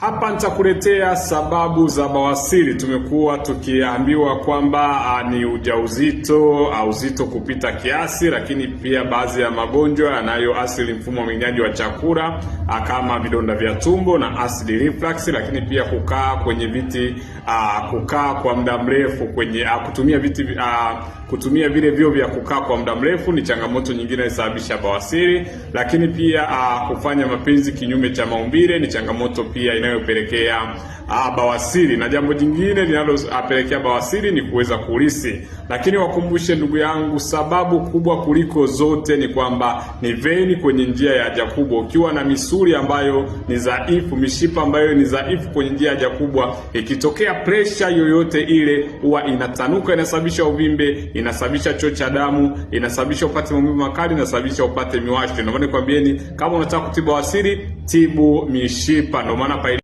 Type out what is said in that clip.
Hapa nitakuletea sababu za bawasiri. Tumekuwa tukiambiwa kwamba ah, ni ujauzito au ah, uzito kupita kiasi, lakini pia baadhi ya magonjwa yanayoathiri mfumo wa mmeng'enyo wa chakula ah, kama vidonda vya tumbo na acid reflux, lakini pia kukaa kwenye viti kukaa kwa muda mrefu kwenye kutumia viti kutumia vile vyo vya kukaa kwa muda mrefu ni changamoto nyingine inayosababisha bawasiri, lakini pia kufanya mapenzi kinyume cha maumbile ni changamoto pia yanayopelekea ah, bawasiri, na jambo jingine linalopelekea bawasiri ni kuweza kulisi. Lakini wakumbushe ndugu yangu, sababu kubwa kuliko zote ni kwamba ni veni kwenye njia ya haja kubwa. Ukiwa na misuli ambayo ni dhaifu, mishipa ambayo ni dhaifu kwenye njia ya haja kubwa, ikitokea presha yoyote ile huwa inatanuka, inasababisha uvimbe, inasababisha choo cha damu, inasababisha upate maumivu makali, inasababisha upate miwasho. Ndio maana nikwambieni kama unataka kutibu bawasiri, tibu mishipa. Ndio maana